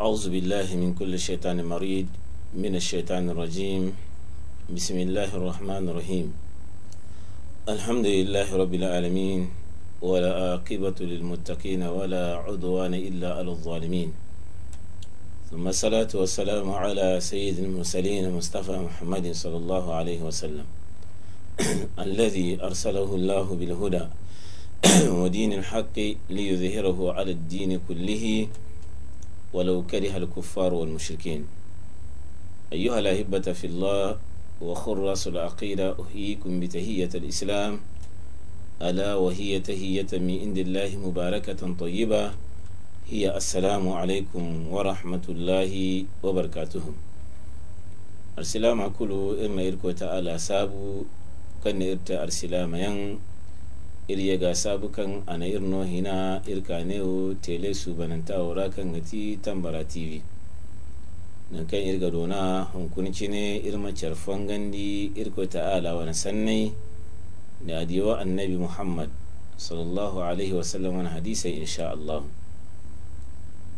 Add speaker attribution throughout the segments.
Speaker 1: أعوذ بالله من كل شيطان مريد من الشيطان الرجيم بسم الله الرحمن الرحيم الحمد لله رب العالمين ولا عاقبة للمتقين ولا عدوان إلا على الظالمين ثم الصلاة والسلام على سيد المرسلين مصطفى محمد صلى الله عليه وسلم الذي أرسله الله بالهدى ودين الحق ليظهره على الدين كله ولو كره الكفار والمشركين أيها الأحبة في الله وخراس العقيدة أحييكم بتهية الإسلام ألا وهي تهية من عند الله مباركة طيبة هي السلام عليكم ورحمة الله وبركاته أرسلام أكل إما إركو تعالى سابو كان إرتا أرسلام ين irya ga sabukan ana irno hina irkaneo tele subananta wura kan gati tambara tv nan kan irga dona hunkunci ne irma carfan gandi irko ta'ala wani sannai da adiwa annabi muhammad sallallahu alaihi wasallam wani hadisai insha Allah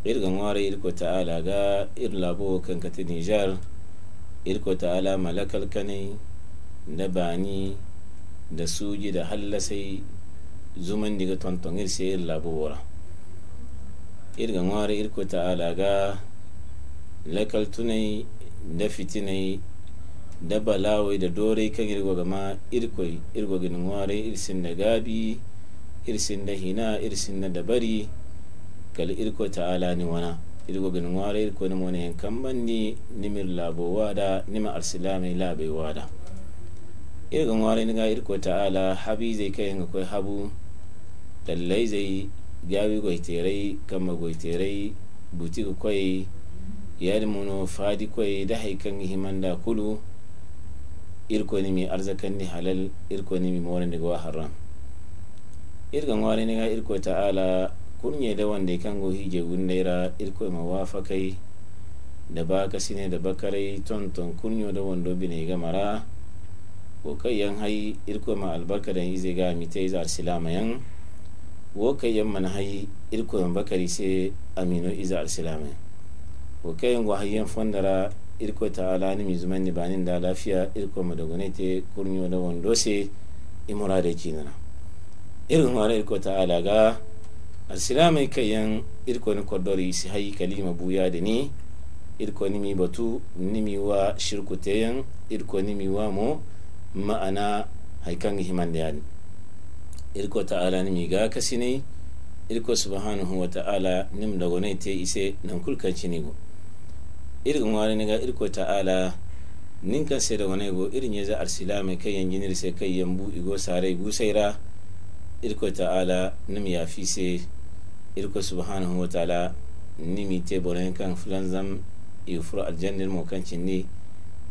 Speaker 1: irgan ware irko ta'ala ga labo kan kati nijar irko ta'ala malakal kanai da bani da suji da hallasai zuman diga tonton ir se ir labu ir ga ngore ir ko ta'ala ga lakal tunai da fitinai da balawai da dorai kan irgo gama irkoi irgo ngwari ngore irsin da gabi irsin da hina irsin da dabari kal irko ala ni wana irgo ngwari ngore irko ni mona hen kamban ni nimir labo da nima arsilami labai wada ga ngore ni ga irko ala habi zai kai hin koi habu lallai zai gawi goiterai kama goiterai buti kwai muno fadi kwai da haikan da kulu irko ni mi arzakan ni halal irko ni mi moran daga wa haram irgan wani ni ga irko ta'ala kunye da wanda kan go hije gundaira irko ma wafakai da baka sine da bakarai tonton kunyo da wando bine ga mara ko kai yan hai irko ma albarka da zai ga mitai za silama yan wo kayen mana hayi irko yan bakari sai amino iza alsilame wo kayen go hayyan fondara irko ta'ala ni mi zuman ni banin da lafiya irko madagone te kurnyo da wando sai imura da kinana irin wani irko ta'ala ga kai kayan irko ni kodori si hayi kalima buya da ni irko ni mi batu ni mi wa shirku irko ni mi wa mu ma'ana haikan himan da yani irko ta'ala ni mi ga kasini irko subhanahu wa ta'ala nim da gonai te ise nan kulkan cini go irin wani ni ga irko ta'ala nin kan sai da gonai go irin yaza arsila mai kai yan jinir sai kai yan bu igo sare bu saira irko ta'ala nim ya fi sai irko subhanahu wa ta'ala mi te boren kan fulan zam i furu mu kan cinni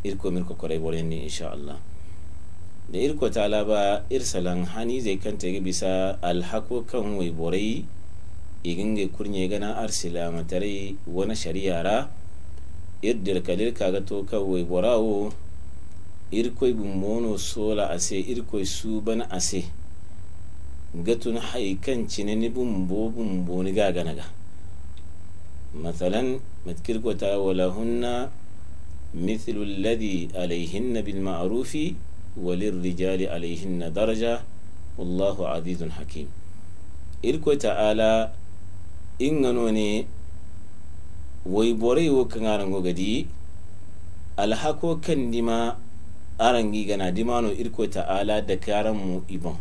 Speaker 1: irko mirko kore boren ni insha Allah da irko talaba irsalan hani zai kanta ga bisa alhako kan waiborai igin ga kurnye gana arsila matarai wani shari'ara irdir kalir kaga to kan waiborawo irkoi bumono sola ase irkoi su bana ase gatun haikan cine ni bumbo bumbo ni gaga naga matsalan matkirkota wala hunna mithlu alladhi alaihinna bil ma'rufi walin rijali alaihin na daraja wallahu azizun hakim irko ta'ala ingano ne wai borai wo kan arango gadi alhako kan dima arangi gana dimano irko ta'ala da karan mu ibon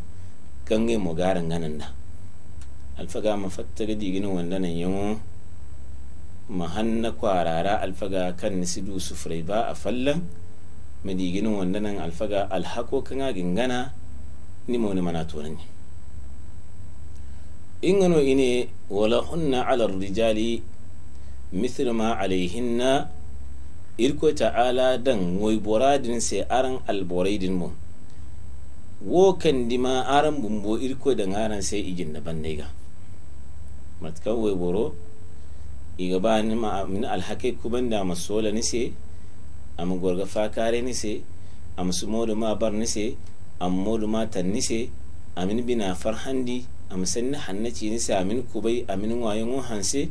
Speaker 1: kan mu garan ganan da alfaga mafatta gadi gina wanda nan yamo mahanna kwarara alfaga kan nisidu sufrai ba a fallan mediginin wandanan alfaga alhako kanga gingana ni moni mana in gano ine wala hunna ala rijali mithlu ma na irko ta'ala dan wai boradin sai aran alboraidin mu wo dima aran bumbo irko da aran sai igin na bannega matkan wai boro iga ba ni ma min alhake kuban da masola ni sai. ama gorga fakare nise ama sumodo ma bar nise am modo ma tan nise amin bina farhandi ama sanni hannaci nise amin kubai amin wayon hanse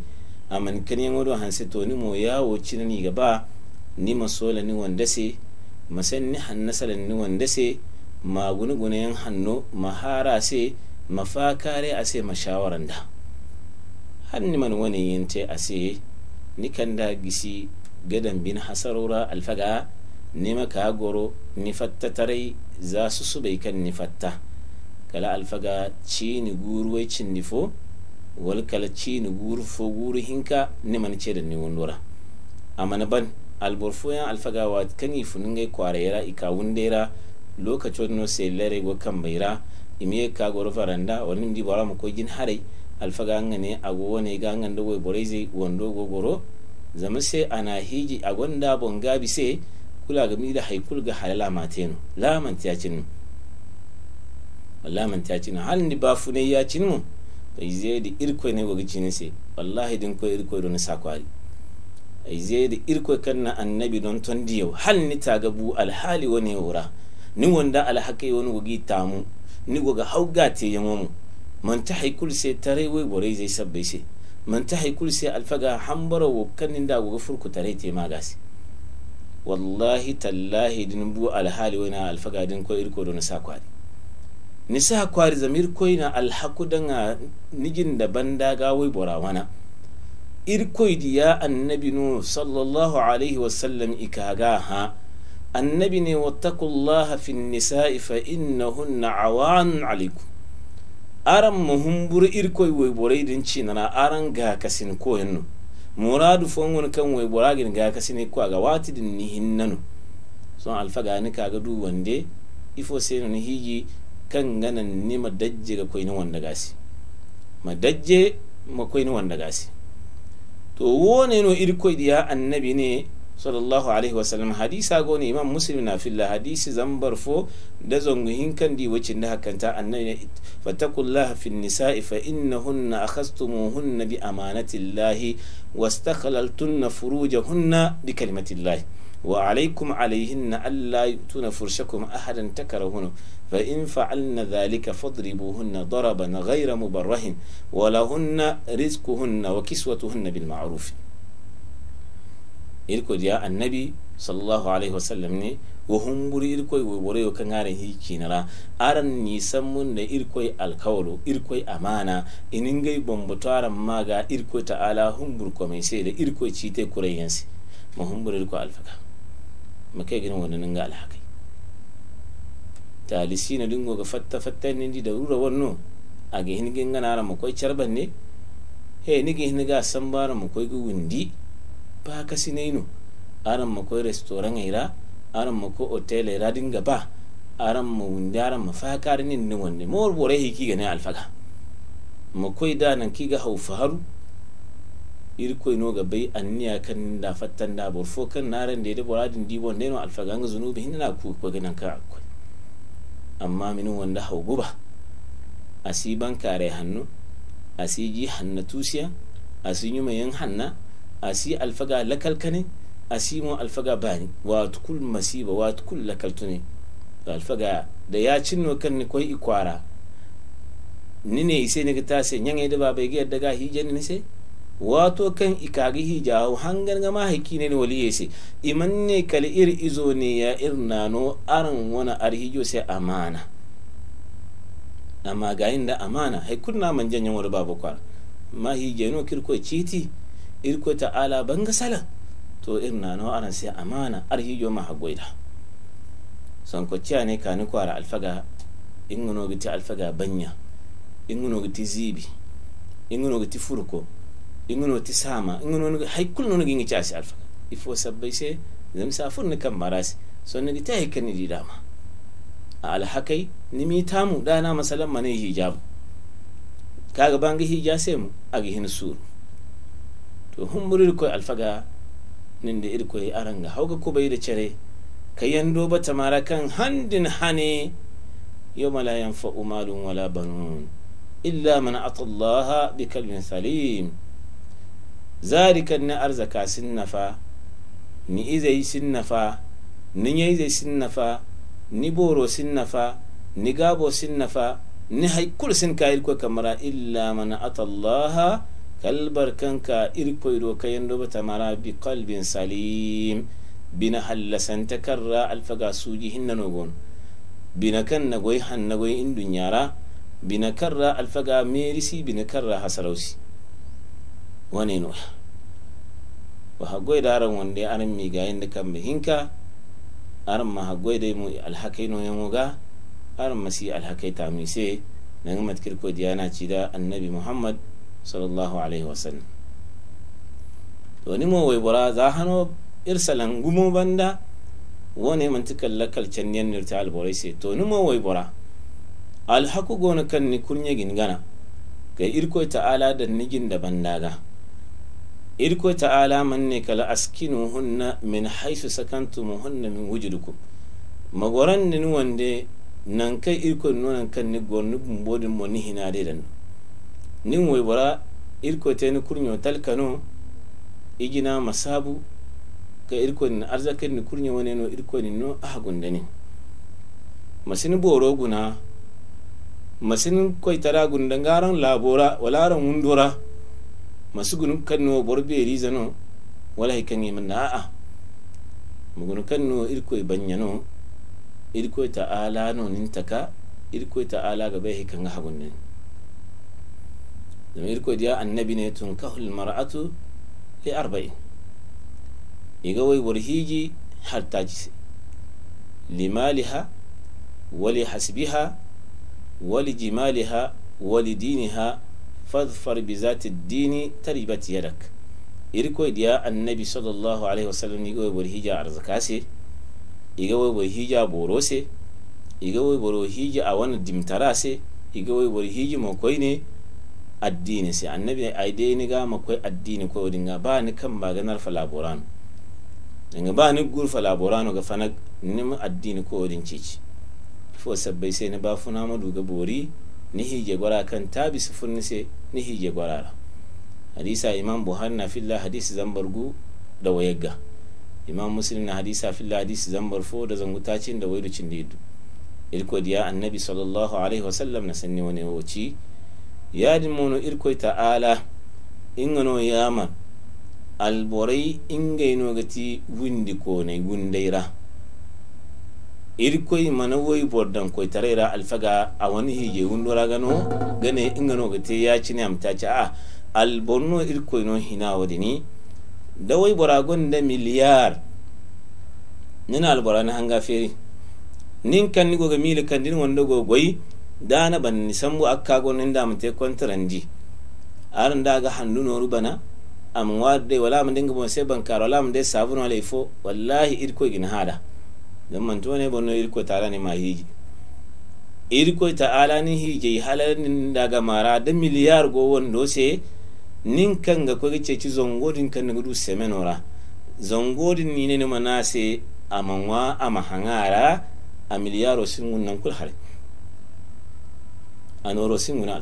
Speaker 1: amin kani yan hanse to ni mo yawo cina ni gaba ni masola ni wanda se masan ni hannasala ni wanda se ma guni hannu yan ma hara se ma fakare a se ma shawaran da hanni man wani yin a se ni kan da gisi Gadan bin hasarura alfaga nima ka goro ni fatta tarai za su su bai kan ni fatta kala alfaga ci ni guruwai cin nifo fo wal kala ci ni guru fo guru hinka ni man ce da ni wundura na ban alborfoyan alfaga wa kan yi funin gai kwarayera ika wundera lokacin no sai lare go kan baira imiye ka goro faranda wani ndi bara mu ko gin harai alfaga ngane ago ne ga ngando boy borezi wondo go goro zama sai ana hiji agonda bongabi sai kula gami da haikul ga halala matenu lamanta ya cin laman ta cin hal ni ba fune ya cin mu ai zai da irko ne gogi cin se wallahi din ko irko don sakwari ai zai da irko kanna annabi don ton diyo hal ni tagabu alhali wani wura ni wanda alhakai wani gogi tamu ni goga hauga te yamu man ta haikul sai tare wai borai zai sabbe sai. man ta haikul sai alfaga hambara wa kanin da goga furku tare te gasi wallahi tallahi din bu alhali wani alfaga din ko irko don sa kwari ni sa kwari zamir koi na alhaku dan nigin da banda ga wai borawana irkoi diya annabi nu sallallahu alaihi sallam ikaga ha annabi ne wattakullaha fin nisa'i fa innahunna awan alaikum aran muhumbur irkoy woyborey din cinana aran gakasin koyenno muradu fongon kan ga kasin ko wati watidin ni hinnanu son alfagani kaga du wande ifo sai ni hiji kan ganan ni madajje ga koyni wanda gasi madajje ma wanda gasi to wone no irkoi diya annabi ne sallallahu alaihi wasallam hadisa goni imam muslim na filla hadisi zambar fo da zongu di wacin da hakanta annabi fatakullaha fi nisa'i fa innahunna akhastumuhunna bi amanatillahi wastakhlaltunna furujahunna bi kalimatillahi wa alaikum alaihinna alla yutuna furshakum ahadan fa dhalika gaira daraban ghayra mubarrahin wa lahunna rizquhunna wa kiswatuhunna bil ma'ruf irko dia annabi sallallahu alaihi wasallam ne wo humburi irkoy wo bore yo kangare hikinara aran ni sammun da irkoy alkawlo irkoy amana ma bombotara maga irkoy ta'ala humbur ko mai sai da irkoy cite kurayensi ma humbur irko alfaka makai gina wannan ga alhakai talisi na dingo ga fatta fatta ne di da rura wannu a ga hingin ganara makwai charban ne he ni ga hiniga san bara makwai ga wundi ba ka sinaino aran ma ko restaurant ira aran ma ko hotel ira dinga ba aran ma wunde aran ma fakar nin ni wonde mor bore hiki gane alfaga ma koi da nan ki hau haufa haru koi no ga bai anniya kan da fattan da bor fo kan naran da da boradin di wonde no alfaga ga zunubi hinna ku ko ganan ka akwai amma min wanda hau guba a kare hannu a si ji hanna tusiya a si hanna A si alfaga lakalka a si asimo alfaga bani watu kul masiba watu kul lakaltune alfaga da ya cinno kan ni koi ikwara ne ise ne ta se nyange da babai ga daga hijen ni se wato kan ikagi hu hangar ga ma haki ne wali yese iman ne kal ir izo ne ya nano, aran wana arhijo se amana amma ga inda amana hay kunna manjan janyan wani babu kwara ma hijeno kirko citi irko ala banga salan to na no aran sai amana ar hijo ma hagoida san ko tiya ne kani kwara alfaga ingono giti alfaga banya ingono giti zibi ingono giti furko ingono ti sama ingono haikul no ngi ci asi alfaga ifo sabbai sai zam safur ne kan marasi son ne gita hikani di dama a alhakai nimi tamu dana masalan mane hijabu kaga bangi hija sai mu agi hin suru to hummurir koy alfaga ninde ir koy aranga bai da cere ba mara kan handin hane yawma la yanfa'u malun wala banun illa man ata Allah bi kalbin salim zalika na arzaka sin nafa ni izai sin nafa ni yaizai sin nafa ni boro sin nafa ni gabo sin nafa ni haikul sin kayil ko kamara illa man ata Allah kalbar kanka irkoyɗo bata mara bi kalbin salim bina hallasanta karra alfaga suji hinnanogon bina kan han hannagoy indun yara bina karra alfaga merisi bina karra hasarausi waneno wahagoy daran wonde aran migayinde kan hinka aran ma hagoyde mu alhakaynoyomoga aran masi alhakay matkir ko kirko ci da annabi muhammad sallallahu alaihi wasallam to nimo way bura za hano irsalan gumo banda wone man tikalla lakal yen nirta alborai se to nimo bura al haku gona kan ni gin gana ga irko ta'ala da nigin da ga irko ta'ala man ne kala hunna min haisu sakantu sakantumuhunna min wujudukum magoran ni wande nan kai irko nonan kan ni gorni bodin mo ni hinade dan nin woibora irkoteni kurnyo talkano igina masabu ga irkonin arzakin ni kurnyo wani no irkonin no aha gundani masin boro guna koi tara gundan garan labora walaran wundora masu gunu kan no borbe rizano wala hikan yi manna a'a mugunu kan no irkoi irko ta ala no nintaka ta ala ga bai hikan ha gundani zamir ko dia annabi ne tun kahul mar'atu li arba'in iga wai warhiji har tajisi limaliha wali hasbiha wali jimaliha wali diniha fadfar bi zati dini taribat yadak irko diya annabi sallallahu alaihi wasallam iga wai warhija arzakase iga wai warhija borose iga wai warhija a wani dimtarase iga wai warhiji mokoi ne addini sai annabi ai dai ni ga makwai addini ko ga ba ni kan maganar falaborano daga ba ni gur falaborano ga fana ni mu addini ko wadin cici fo sabbai sai ni ba funa madu ga bori ni hige gwara kan tabi su ni sai ni hige gwara hadisa imam buhari na filla hadisi zambargu da wayagga imam muslim na hadisa filla hadisi zambar fo da zangutacin da waiducin da idu ilkodiya annabi sallallahu alaihi wasallam na sanni wani wuci yadi mono irkoy ta'ala ingano yama alborai ino e gati windi kone gundeira irkoy mana woy bordan koy tarera alfaga awani hije gano gane inganoga te yacine am taci a alborno irkoy no hinawadini da woy boragon da miliyar nina albora na hanga feri nin kannigoga mili kandin go goyi dana banni sambu da mutai damante ji aran daga hannu noru bana amin warde wala mun dinga bon sai bankar wala mun dai sabun wala wallahi irko gin hada dan man tone ne bonno irko tara ne ma hiji irko ta ala ni hiji da daga mara da miliyar go wondo se nin kan ga ko gice ci zongodin kan ga du semenora zongodin ni ne ne manase amanwa amahangara a miliyaro sun wannan kulhare A noro singuna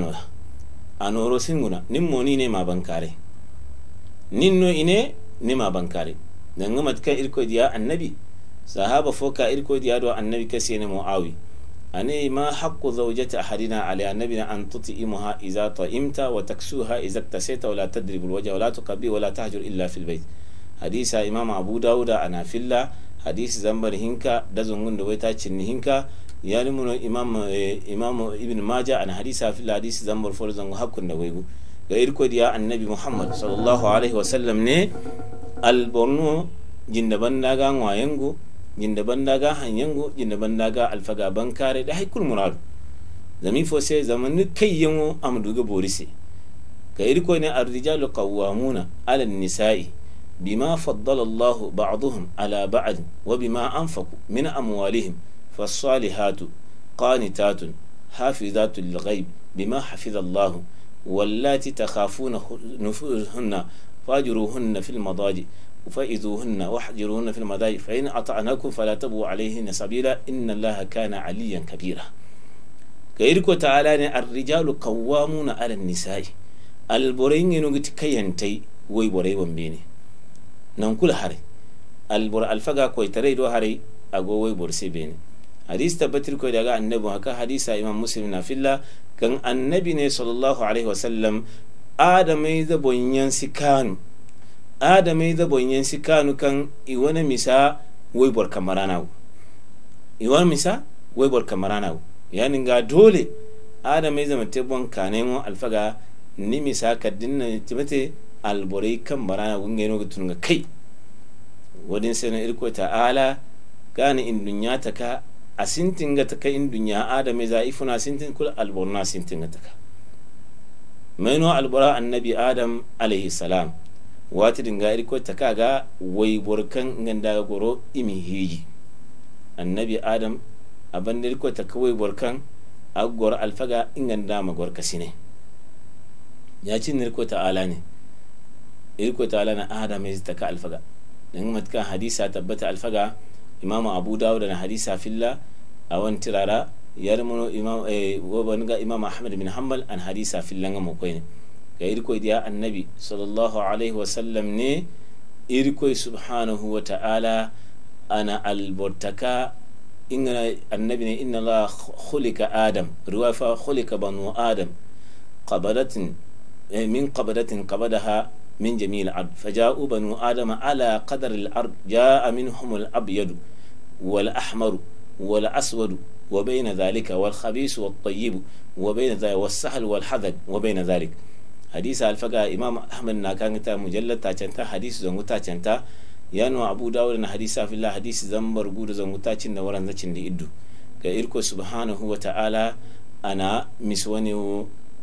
Speaker 1: noda A noro singuna Nin ni ne ma bankare no ine ne ma bankare ga matka irko diya annabi sahaba foka irko diya do annabi kase ne muawi ane ma haqqu zawjati ahadina ala na an tut'imuha idza ta'imta wa taksuha idza iktasayta wa la tadrib alwajha wa la tuqabbi wa la tahjur illa fil bayt hadisa imam abu dauda anafilla hadisi zambar hinka da zungun da wai ta cinni hinka ya limu imam e, imam ibn maja an hadisa fi hadisi zambar zango hakun da waigu ga irko diya annabi muhammad sallallahu alaihi wa sallam ne alborno jindaban daga wayango jindaban daga hanyango jindaban daga alfaga bankare da haikul murad zami fo sai zamani kai yango ga borise ga irko ne arrijalu qawwamuna ala nisa'i bima faddala allah ba'dhum ala ba'd wa bima anfaqu min amwalihim fasali hatu kani tatun hafi za tu lagai bima hafi za allahu walla ti ta kafu na hunna fajiru hunna fili madaji fa hunna wa hajiru hunna fili madaji fa yi na ata ana ku fa bu alayhi na sabila in na laha kana aliyan kabira ka yi riko ta ala ne a rijalu kawwa muna ala nisai alburai ne nuna ta kayantai wai burai ban nan kula hari albura alfaga ko ta rai do hari a go wai burai sai hadis tabbatar ko daga annabi haka hadisa imam muslim na filla kan annabi ne sallallahu alaihi wasallam adamai da bonyan sikanu adamai da bonyan sikanu kan iwana misa wai bor kamarana iwan misa wai bor kamarana yani ga dole adamai zama tebon kanemo alfaga ni misa ka dinna timate alborai kan marana gungeno ga tunga kai wadin na irko ala gane in dunya ta ka A ga taka in dunya adame na sintin kul sintin ga taka maino albora annabi adam alaihi salam wati dinga irko taka ga wai burkan ganda goro imi hiji annabi adam abin da irko taka wai burkan agor alfaga inganda magor kasine ya ci nirko ta'ala ne irko ta'ala na adam ya taka alfaga dan matka hadisa tabbata alfaga imam abu dawud na hadisa filla a wani tirara ya rimono eh, wani ga imamu ahmad bin hanbal an hadisa filla ga mukwai ne ga irko diya annabi sallallahu alaihi wasallam ne irkoi subhanahu wa ta'ala ana albortaka ingana annabi ne inna la khulika adam ruwa fa khulika banu adam qabadatin eh, min qabadatin qabadaha من جميع الأرض فجاءوا بنو آدم على قدر الأرض جاء منهم الأبيض والأحمر والأسود وبين ذلك والخبيث والطيب وبين ذلك والسهل والحذر وبين ذلك حديث الفقه إمام أحمد ناكانتا مجلد تاچنتا حديث زنغو تاچنتا يانو أبو داود حديث في الله حديث زنبر قود زنغو تاچن ورن ذاچن لإدو كإركو سبحانه وتعالى أنا مسوني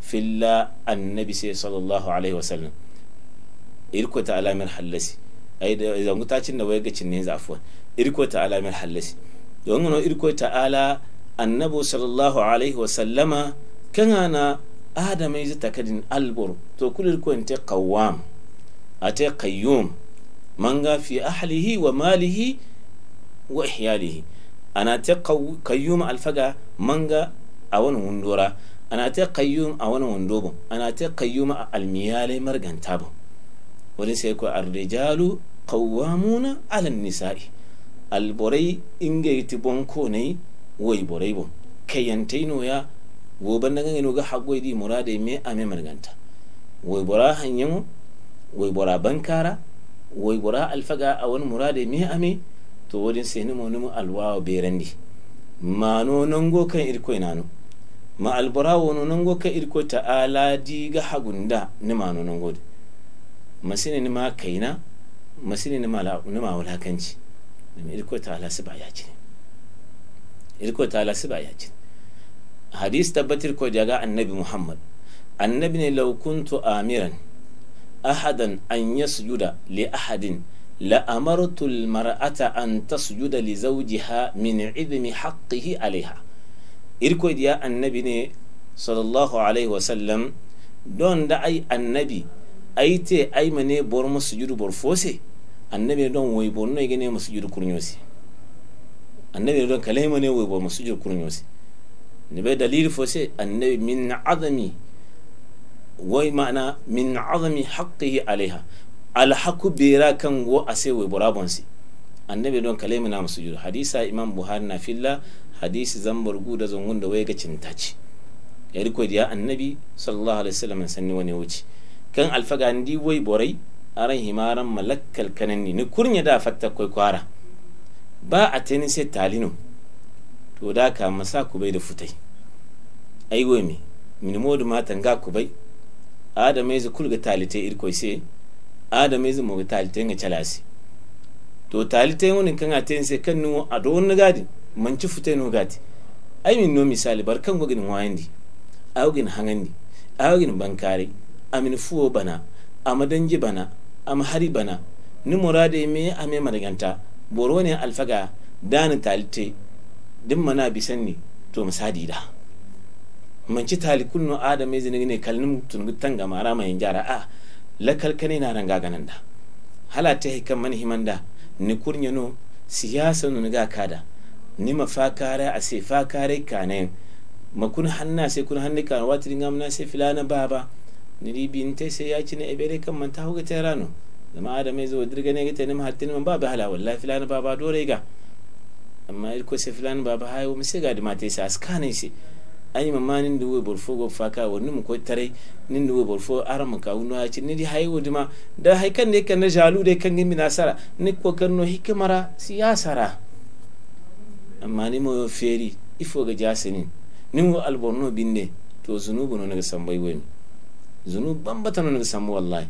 Speaker 1: في الله النبي صلى الله عليه وسلم irko ta alamir hallasi ai da zangu ta cin da wai gacin ne zafuwa irko ta alamir hallasi don gano irko ta ala annabu sallallahu alaihi wa sallama kana na adamai yi zata kadin albur to kul irko ta qawwam a ta qayyum man ga fi ahlihi wa malihi wa ihyalihi ana ta qayyum alfaga man ga a wani wundura ana ta qayyum a wani wundobin ana ta qayyum a almiyalai marganta bin wani sai ko arrijalu qawwamuna ala nisa'i alborai inga yiti bonko ne wai borai bon kayantei no ya wo banda ga no ga hagoi di murade me ame marganta Wai bora hanyan wai bora bankara wai bora alfaga a wani murade me ame to wani sai ni mo ni mu alwawo berandi mano nango kan irkoi nanu ma albora wono nango irko ta ta'ala diga hagunda ni mano nango di masini nima kaina masini nima nima wulakanci domin irko ta ala siba ya cin irko ta ala siba ya cin hadis tabbatir ko daga annabi muhammad annabi ne law kuntu amiran ahadan an yasjuda li ahadin la amartu al mar'ata an tasjuda li zawjiha min idmi haqqihi alaiha irko ya annabi ne sallallahu alaihi wasallam don da ai annabi ayite aymane bor mo sujudu bor fose annabi don woy bor no igene mo sujudu kurnyosi annabi don kalema ne woy bor mo sujudu kurnyosi ne be dalil fose annabi min azami woy mana min azami haqqihi alaiha alhaku bera kan wo ase woy borabonsi annabi don kalema na mo sujudu hadisa imam buhari na filla hadisi zambar guda zon wanda wai ga cintaci yari ko da annabi sallallahu alaihi wasallam sanni wani wuce kan alfaga ndi woy boray aran himaran malakkal kananni ni kurnya da fatta kai kwara ba a tani sai talino to da ka masa kubai da futai ai wai mi min modu matan ga kubai adama yanzu kulga talite irkoi sai adama yanzu mu talite ga chalasi to talite wani kan a tani sai kan nuwo a do wani gadi ci futai no gadi ai min no misali barkan gogin wayandi awgin hangandi awgin bankare amin fuwo bana amadanji bana am bana ni murade me ame marganta boro ne alfaga dani talite din mana bisanni to misadi da manci talikun no adam mai e zini ne kalnin tun ga mara mai jara a lakal kane na ranga ganan da halata yi kan mani himanda ni kurnya no siyasa no ga kada ni mafakare a sai fakare kanen makun hanna sai kun hannu kan watirin amna sai filana baba ni ribinte se yacine e kan manta man tahuge rano zama adamay zo dirganege tenem hattini man baba hala ba ba baba ga. amma ir kose filana baba hay wo misega dimate se askanay se ayi mamma nin da webor fo go faka ni mu ko tare nin da webor fo aram ka uno aci ni niri hay wo dima da haikan ne kan jalu da kan gimi nasara ni ko kan no hikmara siyasara amma ni mo feri ifo ga jasinin ni mu alborno binde to zunubu no ga sambai wani zunuban batanan samu wallahi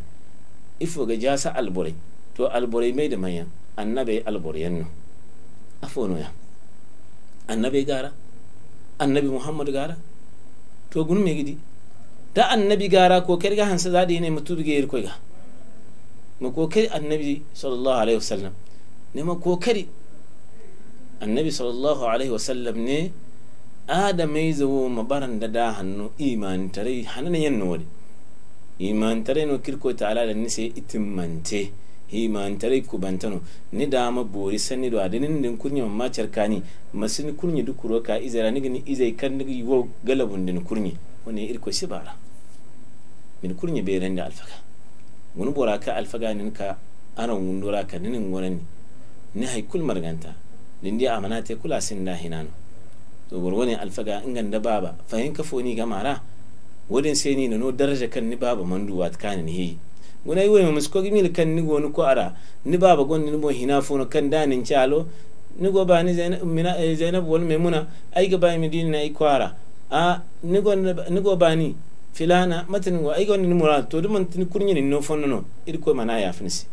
Speaker 1: ifo ga jasa alborai to alborai mai da manya annabe alborai yanno afono ya annabe gara annabi muhammad gara to gun me gidi da annabi gara ko kerga hansa zadi ne mutu ga yir ga ma ko kai annabi sallallahu alaihi wasallam ne ma ko kari annabi sallallahu alaihi wasallam ne adamai zawo mabaran da da hannu imani tare hananan yanno wani no kirko ta ala da nise imantare ku bantano ni dama bori sani do adinin din kunya ma charkani masin kunya dukuro ka izara ni gani izai kan ni wo galabun din kunya wani irko sibara min kunya be da alfaga wani bora ka alfaga nin ka aran wundura ka nin ngoran ni hay kul marganta din dia amanate kula sin da hinano to borwani alfaga inganda baba fahin ka foni ga mara woden sai ni no daraja kan ni baba mandu wat kan ni hi guna yi wai musko mil kan ni gonu ko ara ni baba gon ni mo hina fono kan danin chalo ni go ba ni zainab mina eh, zainab wal maimuna ai ga bai medina ai kwara a ni go ni go ba ni filana matin go ai go ni mura to dum tin kurni ni no fono no ir ko mana ya finsi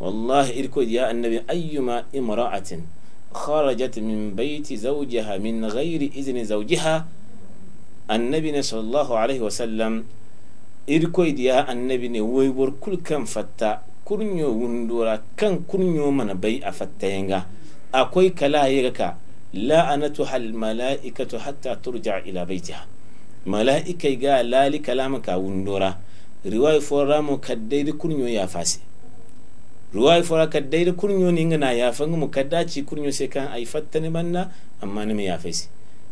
Speaker 1: wallahi ir ko ya annabi ayyuma imra'atin kharajat min bayti zawjiha min ghairi izni zawjiha annabi ne sallallahu alaihi wasallam irkoydiya annabi ne woybor kul kan fatta kurnyo wundura kan kurnyo mana bai a yanga akwai kala yaga ka anatu hal mala'ikatu hatta turja ila baitiha malaika ga lali kalama ka wundura riwaya fora mu kaddai da kurnyo ya fasi riwaya fora kaddai da kurnyo ne ngana ya fanga mu kaddaci kurnyo sai kan ai fatta ne manna amma ne ya fasi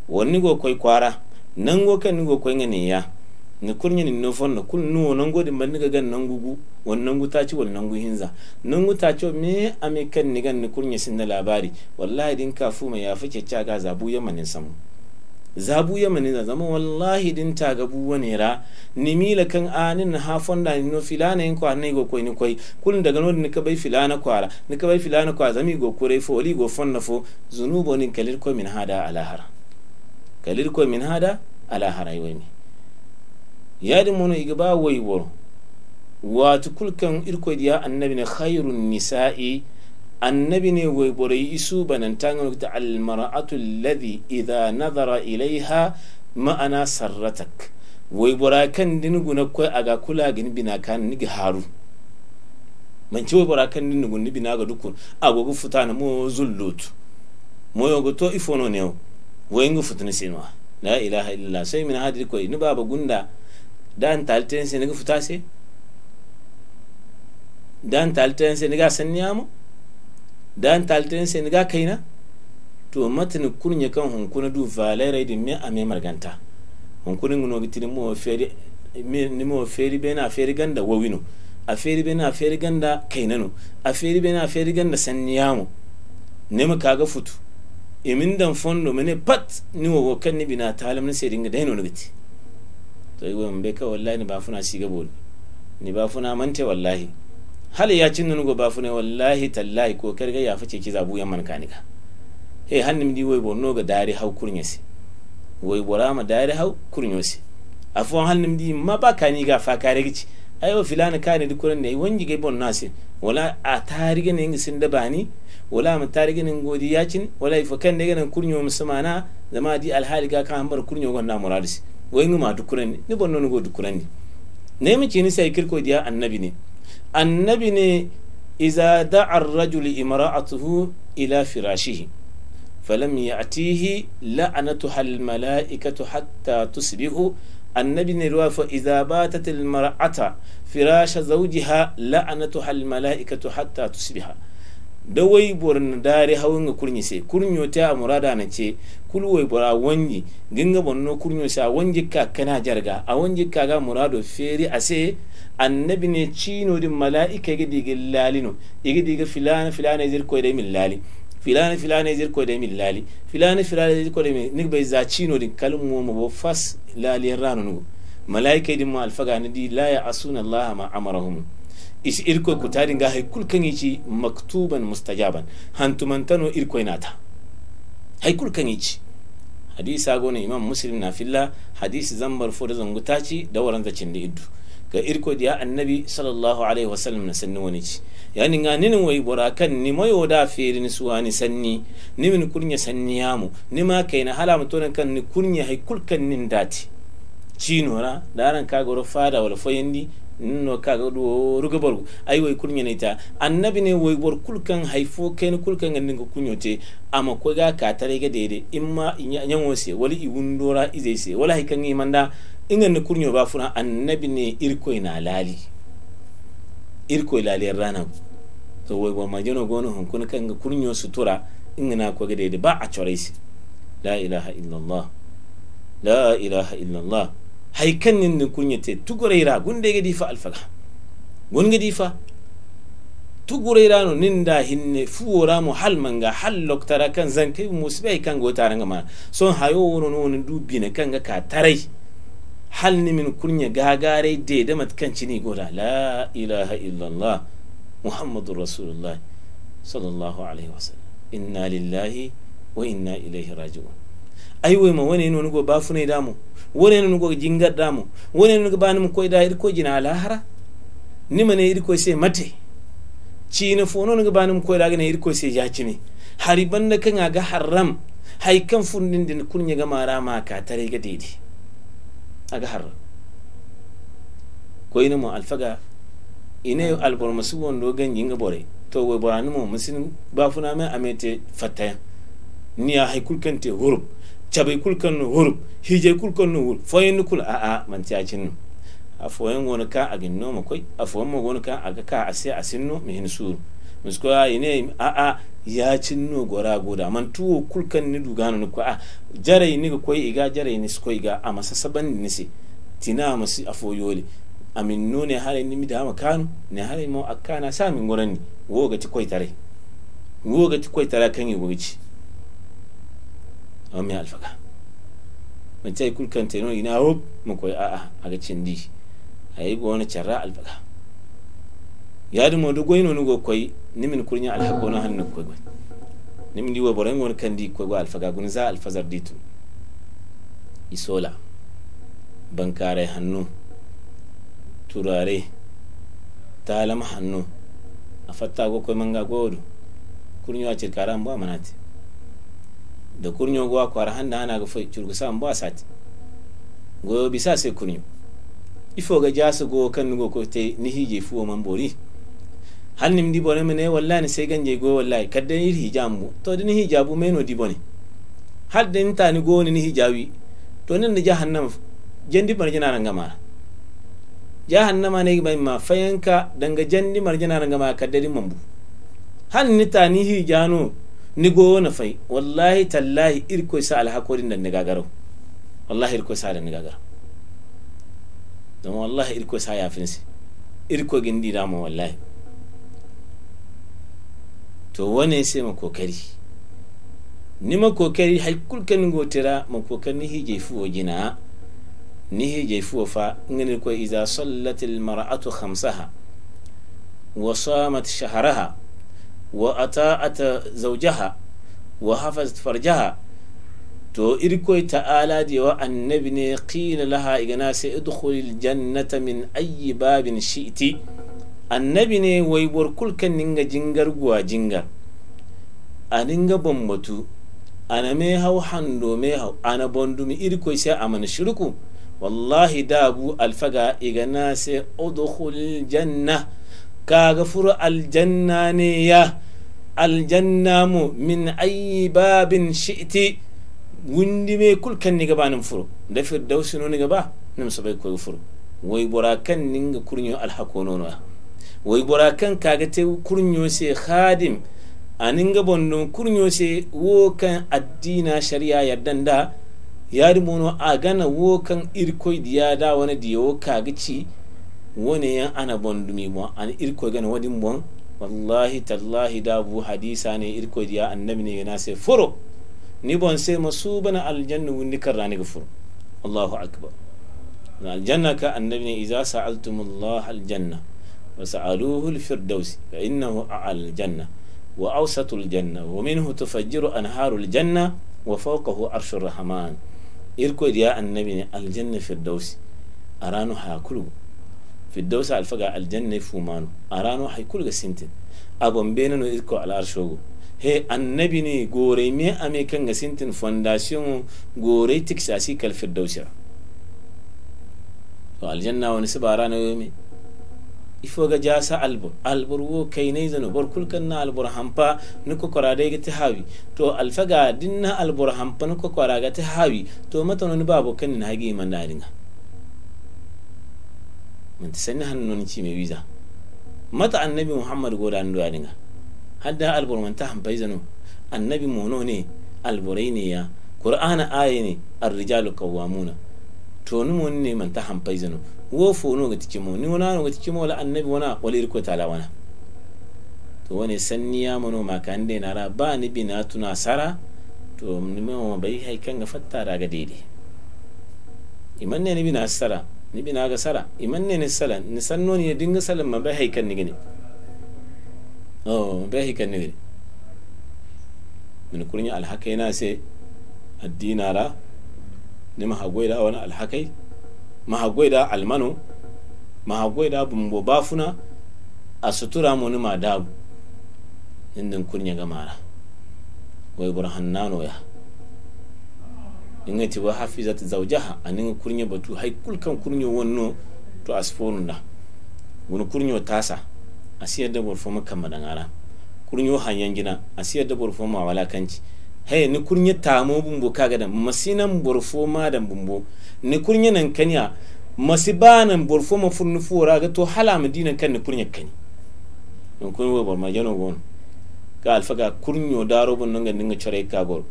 Speaker 1: wani go kwai kwara nango kan ni ko ngani ya ni kurnya ni no fonno kul nuwo nango din ni ga gan nangu gu won nangu ta ci wal nangu hinza nangu ta ci me ame kan ni gan ni kurnya sin na labari wallahi din ka fu ya fice ca ga zabu yamanin samu zabu yamanin za zama wallahi din ta gabu wani ra ni mila kan anin ha fonda ni no filana in kwa ne go koi ni koi kulun daga no ni ka bai filana kwara ni ka bai filana kwa zami go kure fo li go fonna fo zunubo ni kalir ko min hada alahara kalir ko min hada ala haraiwami yadi mono iga ba wai woro wato kulkan irko diya annabi ne khairun nisa'i annabi ne wai bore isu banan tangan ta almar'atu alladhi idha nadhara ilaiha ma'ana sarratak wai bora kan din guna ko aga kula gin bina kan ni haru man ci wai bora kan din guna bina ga dukun agogo futana mo zullutu mo yogo to ifono ne woyingu futuni sinwa la ilaha illallah sai min hadri koy ni baba gunda dan talten se niga futase dan talten se niga sanniyamo dan talten se ga kaina to matani kurnya kan hunkuna du valera din me ame marganta hunkunin no gitini mo feri me ni mo feri be na feri ganda wawino a feri be na feri ganda kainano a feri be na feri ganda sanniyamo ne mu kaga futu emin dan fondo mene pat ni wo kan ni bina talam ni sedinga dayno nugati to yi wambe ka wallahi ni bafuna ga bol ni bafuna mante wallahi hal ya cin nan go bafuna wallahi tallahi ko karga ya fice ki zabu yan mankanika he hannim di woy bonno ga dare hau wo woy borama dare hau afu afon hannim di maba kani ga fa kare gici ayo filana kani dukuran ne wonji ga bon nasin wala a tarige ne ngisin da bani wala mu ma godiya cin wala ifa kan ne ganan kurnyo musamana zama di alhali ga kan bar kurnyo gonda muradisi wai ma dukuran ni ni bonno go dukuran ni ne mu ni sai kirko diya annabi ne annabi ne iza da'a ar-rajulu imra'atuhu ila firashihi falam ya'tihi la'anatuha hal malaikatu hatta tusbihu annabi ne ruwa fa iza batatil mar'ata firasha zawjiha la'anatu hal malaikatu hatta tusbiha da wai borna dare ga kurnyi sai kurnyo ta a murada na ce kul wai bora wanji ginga bonno kurnyo sa wanji ka kana jarga a wanji ka ga murado feri a sai annabi ne cino din mala'ika ga diga lalino iga diga filana filana zir ko da min lali filana filana zir ko da min lali filana filana zir ko da min nik bai za cino din kalmo mo bo fas laliyar ranu mala'ika din ma alfaga ne di la ya asuna allah ma amarahum isi irko ku tarin ga haikul kan yici maktuban mustajaban hantumantano irko nata haikul kan yici hadisi agone imam muslim na filla hadisi zambar fo da zangu ci da waran zacin da iddu ga irko da annabi sallallahu alaihi wasallam na sanni wani ci yani ga ninin wai burakan ni mayo da ferin suwani sanni ni min kunya sanni yamu ni ma kai na hala mutonan kan ni kunya haikul kulkan nin dati cinora daran kagoro fada wala foyandi no kaga do ruga borgo ay way kul nyenita annabi ne way war kul kan hay fo ken kul kan ngin ko kunyote ama ko ga ka tare ga dede imma nyanwo se wali i wundora ize se wala hay kan imanda ingan ne kunyo ba funa annabi ne irko ina lali irko lali rana to way wa majono gono hon kun kan ga kunyo sutura ingana ko ga dede ba a chore la ilaha illallah la ilaha illallah hay kan nin tugure ira gunde ɗi fa alfaga gonge ɗi fa nin da hinne fuworamo hal manga hal loktara kan zanke musbe ay go taranga ma son hayo wonon ne kan ga ka tarai hal nimin mat kan cini go da la ilaha illallah muhammadur rasulullah sallallahu alaihi wasallam inna lillahi wa inna ilaihi raji'un ay woy ma nuna ko ba funai damu wani nuna ko jingar damu damo wone ba nuna ko da iri ko jina lahara ni ma ne iri ko sai mate ci na fono nuna ba nuna ko da gane iri ko sai ya ci ne hari banda kan ga haram hai kan funin din kun ya gama rama ka tare ga a ga haram ko ina mo alfaga ina yau hmm. albar masu wando ganyin ga bore to wai ba ni mo musin bafuna mai amete fatayan ni ya haikul kan te hurub cabe kulkan kan hurub hije kulkan kan no wul foyen kul a a man a cin a foyen wani ka a ginno ma koi a foyen mu wani ka a ga ka a sai a sinno mi hin suru musko ya ne a a ya cin no gora goda man tuwo kulkan ni dugana ni ko a jarai ni koi iga jarai ni skoi ga a masa saban ni se tina masu a afoyoli amin no ne hare ni mi da ma kanu ne hare mo akana sa min gorani wo ga ti koi tare wo ga ti koi tare kan yi gogici mai alfaka ban ce kul kan teno na hop mu koyi a'a a ga a yi ga wani carra alfaka yadi mo dugo wani koi koyi nimin kurnya alhaqo na koi koyi ni nimin diwa boran wani kan di koyi go alfaka gun za alfazar ditu isola bankare hannu turare talam hannu a fatta go koyi manga godu kurnya a cirkara ba manati da kurnyo gwa kwara handa ana ga fai curgu sa mbo asati goyo bisa sai kurnyo ifo ga jasu go kan nugo ko te ni hije fuwo man bori hal nim di bone mene ni sai ganje go wallahi kaddan hija hijambu to din hijabu meno di bone har da ta ni go ni hijawi to nan da jahannam jandi barjina nan gama jahannama ne bai ma fayanka danga jandi marjina nan gama kaddan mambu hal ni ta ni hijano ni na fai wallahi tallahi irko sa alhakorin da ni gagarau wallahi irko sa da ni gagarau don wallahi irko sa ya finsi irko gindi dama wallahi to wane sai ma kokari ni ma kokari haikul kan gotira ma kokari ni hije fu gina ni hije fuwo fa ngani ko iza sallatil mar'atu khamsaha wa samat shahraha wa ata zaujaha wa hafazat farjaha to ala ta'ala dewa annabi ne kila laha igana sai idkhulil jannata min ayyi babin shi'ti annabi ne wai kulkan ninga jingar guwa jingar aninga bambatu ana me hau hando me hau ana bondumi irkoi sai amana shirku wallahi dabu alfaga igana sai udkhulil janna ga furo aljanna ne ya aljanna mo min ayi babin shi'ti wundime kul kaŋ ni gaba nin furo da firdausi no ni gaba nim sabai koy furo waybora kaŋ kan kurɲo alhako alhakono no ah. waybora kaŋ kan ga te kurɲo se khadim aninga bondo kurnyo se wo kan addina nda yaadin mo no a gana wo kan irkoy diya da diyawo ka ga ci woni yan ana bon dumi mo an irko gan wadi mon wallahi tallahi da bu hadisa ne irko diya annabi ne yana sai furo ni bon sai masu bana aljanna wundi kan ga furo allahu akbar na aljanna ka annabi ne idza allah aljanna wa sa'aluhu alfirdaus fa innahu a'al aljanna wa awsatul janna wa minhu tufajjiru anharul janna wa fawqahu arshur rahman irko diya annabi ne aljanna firdausi aranu hakulu firdausa alfaga aljanna fumano arano hay kulga sintin abon benano irko al arshogo he annabi ne gore me ame kan ga sintin fondation gore tiksasi kal firdausa to aljanna wani sibara na yomi ifo ga jasa albur albur wo kai ne zano bor kulkan na albur hampa ni ko kwara dai ta hawi to alfaga dinna albur hampa ni ko kwara ga ta hawi to mata ni babu kan ni hagi man da man sani hannu wani ci me wiza mata annabi muhammadu goda an duwa dinga hadda albor man ta hampai zano annabi mono ne alborai ne ya qur'ana aye ne arrijalu qawwamuna to ni mon ne man ta hampai zano wo fono ga ga tikimo ni wana no ga tikimo wala annabi wana wala irko tala wana to wani sanni ya mono makande na ra ba ni bi na tuna sara to ni mo bai haikan ga fatta daga daidai iman ne ni bi na sara ni binaga sara ne ni sala ni sanno ni dinga salan ma bai haikan ni gine oh bai haikan ni gine min kurin alhakai na sai ra ni ma da wani alhakai ma da almano ma da bumbo bafuna a sutura mu ni ma dabu kurin kurnya mara wai burhannano ya inga ti wa hafizat a anin kurnya batu hai kulkan kurnya wonno to na wani kurnya tasa siyar da borfo maka madangara kurnya hanyar gina siyar da borfo ma walakanci hey ni kurnye tamo bumbo kaga da masinan borfo ma da bumbu ni kurnya nan kanya masibanan borfo ma furnu fura ga to hala madina kan ni kurnya kani in kun yi wa ma jano gon ga alfaga kurnya daro bin nan ga ka gor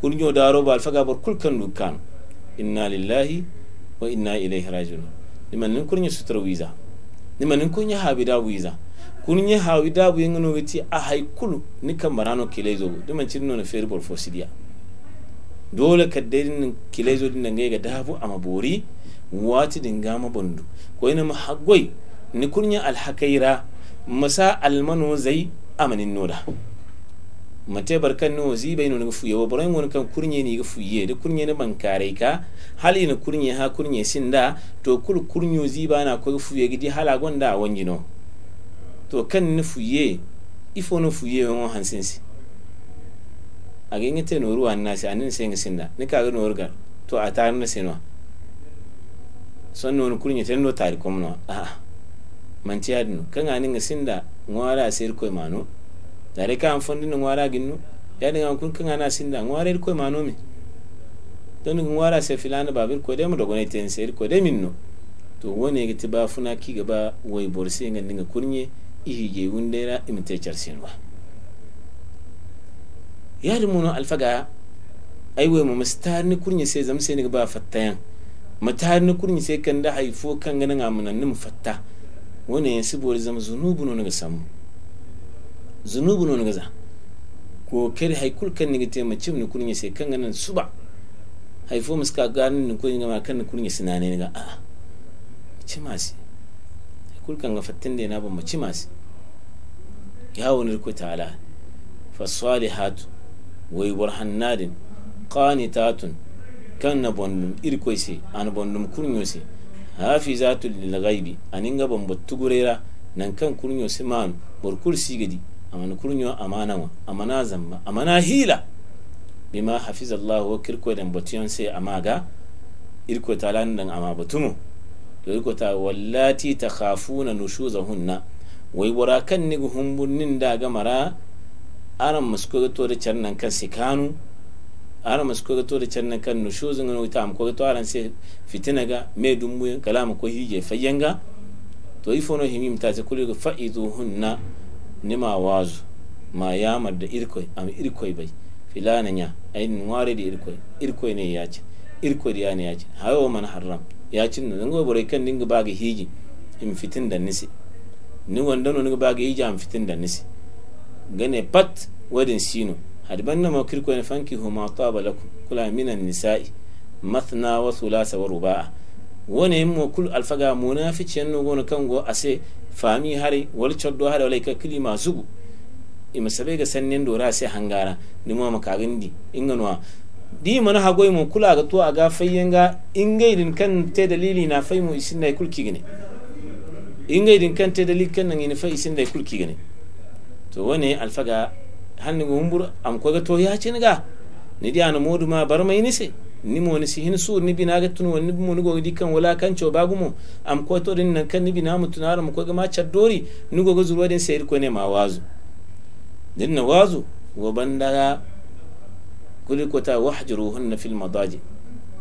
Speaker 1: kurño daro ba alfaga bor kulkan ɗum kan inna lillahi wa inna ilaihi rajiun ɗuman nin kurño sutra wiza ɗuman nin kurño haɓida wisa kurño haɓida wiyegano weti a hay kulu ni kam marano kilay zobo ɗuman cirno no bor fosidia dole ka nin kilezo din dinnan ga dafu ama bori wati dingama bandu ko ina mahagwai ni kurnya alhakaira masa almanu zai amanin noda mate barkan no zibe bai nuna fuye ba boray mon kan kurnye ne ga fuye da kurnye ne ban kare ka hali na kurnye ha kurnye sin da to kul kurnyo zi ba na ko fuye gidi hala gonda wanjino to kan ni fuye ifo no fuye wo hansensi age ngete no ruwa nasi anin sin da ni ka ga no orga to a atar na sinwa son no kurnye ten no tari komno a manti adno kan anin da ngwara sir ko mano dare ka an fondi no ngwara ginnu ya dinga kun kan ana sinda ngwara ko manomi don ngwara se filana babir ko dem dogo ne ten ser ko dem minno to wone ga ba funa ki ba wai borse ngan dinga kunye ihi ge wundera imte charsinwa yari muno alfaga ai wai mu mustar ni kunye se zam se ni ba fattayan mutar ni kunye se kan da haifo kan ganin amunan ni mu fatta wone yansu bori zama zunubu no ga samu zunubu nuna gaza ko keri haikul kan ni te mace ni kunya sai kan su ba haifo mu suka ganin ni kunya ma kan ni kunya suna ne ga a masi haikul kan ga fatin da na ba masi ya wani ko ta'ala salihat wai burhannadin qanitatun kan na bondum irko se an bondum kunyo se hafizatu lil ghaibi aninga bambattu gurera nan kan kunyo se man burkul sigadi amana kurnyo amana wa amana zamma amana hila bima hafizallahu wa kirko dan botiyon sai amaga irko talan dan ama batumu to irko ta wallati takhafuna nushuzahunna wai wara kan ni humburnin da mara. aran musko to da cannan kan sikanu aran musko to da cannan kan nushuzun ne ta amko to aran sai fitina ga me dumbu kalama ko hije fayyanga to ifono himim ta ce kullu fa'iduhunna nima wazu ma irkoi bai fila na nya filana yi ayni da irkoi irkoi ne ya irkoi ya irkoy hawa yacin hayo man ya ci no ngo boray kan ninga baga hiji in fitin da nisi ni wanda no ninga baga hiji am fitin da nisi gane pat wadin sino hadi na ma kirkoy fanki huma taba lakum kula minan nisa'i mathna wa thulatha wa ruba'a wani mo kul alfaga fi munaficen no gono kango ase fami hari wal choddo hari wala ka kilima zubu ima sabe ga sannin dora ase hangara ni mo makagindi inganwa di mana hagoi mo kula ga to aga fayyenga idin kan te dalili na fay mo isinda kulki gine ingaidin kan te dalili kan nan ina fay isinda kulki gine to wani alfaga hanni go humbur am ko ga to ya ciniga ni di ana modu ma bar mai ni se ni mo ni sihin sur ni bina ga tun wani mo ni go di kan wala kan cho bagu mo am ko to din nan kan ni bina mu tunara mu ko ga ma chaddori ni go go zuru din sayir ko ne ma wazu din na wazu go bandara kuli ko ta wahjuruhunna fil madaji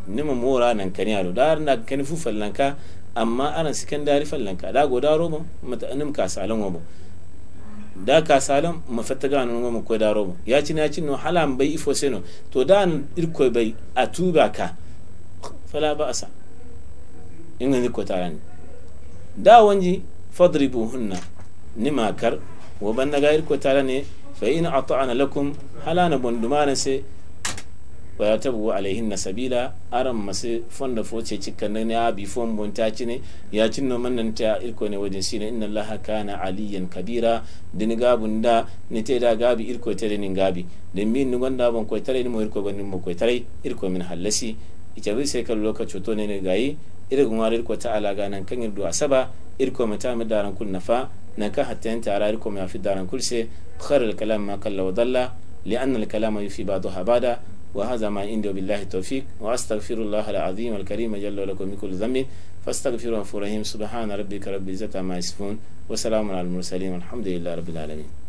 Speaker 1: ni mo mura nan kan yalo dar na kan fu fallanka amma aran sikandari fallanka da go daro mo mata anim ka salan wo da ka salam ma fata ga nuna mu koi daro ya ci na ci no halam bai ifo seno to da irko bai a tuba ka fala ba asa in ga ko ta ran da wanji ni ma kar wa ban ga irko ta ne fa in ata'ana lakum halana na se wa wala tabu alaihin na sabila aran masu fonda foce cikin nan ya bi fon bonta ci ne ya cin noman nan ta irko ne wajen ne inna allaha kana aliyan kabira din gabu da ni te da gabi irko tare nin gabi din min ni gonda ban ko tare ni mo irko ban ni mo ko tare irko min halasi ita bi sai kan lokaci to ne ne gayi irko ngwar irko ta ala ga nan kan irdu asaba irko mata mi daran kun nafa nan ka hatta yanta ara irko mi fi daran kulse kharal kalam ma kallu dalla li anna al الكلام yufi بعضها ba'da وهذا ما عندي وبالله التوفيق وأستغفر الله العظيم الكريم جل ولكم من كل ذنب فاستغفروه فرحيم سبحان ربك رب العزة عما يصفون وسلام على المرسلين والحمد لله رب العالمين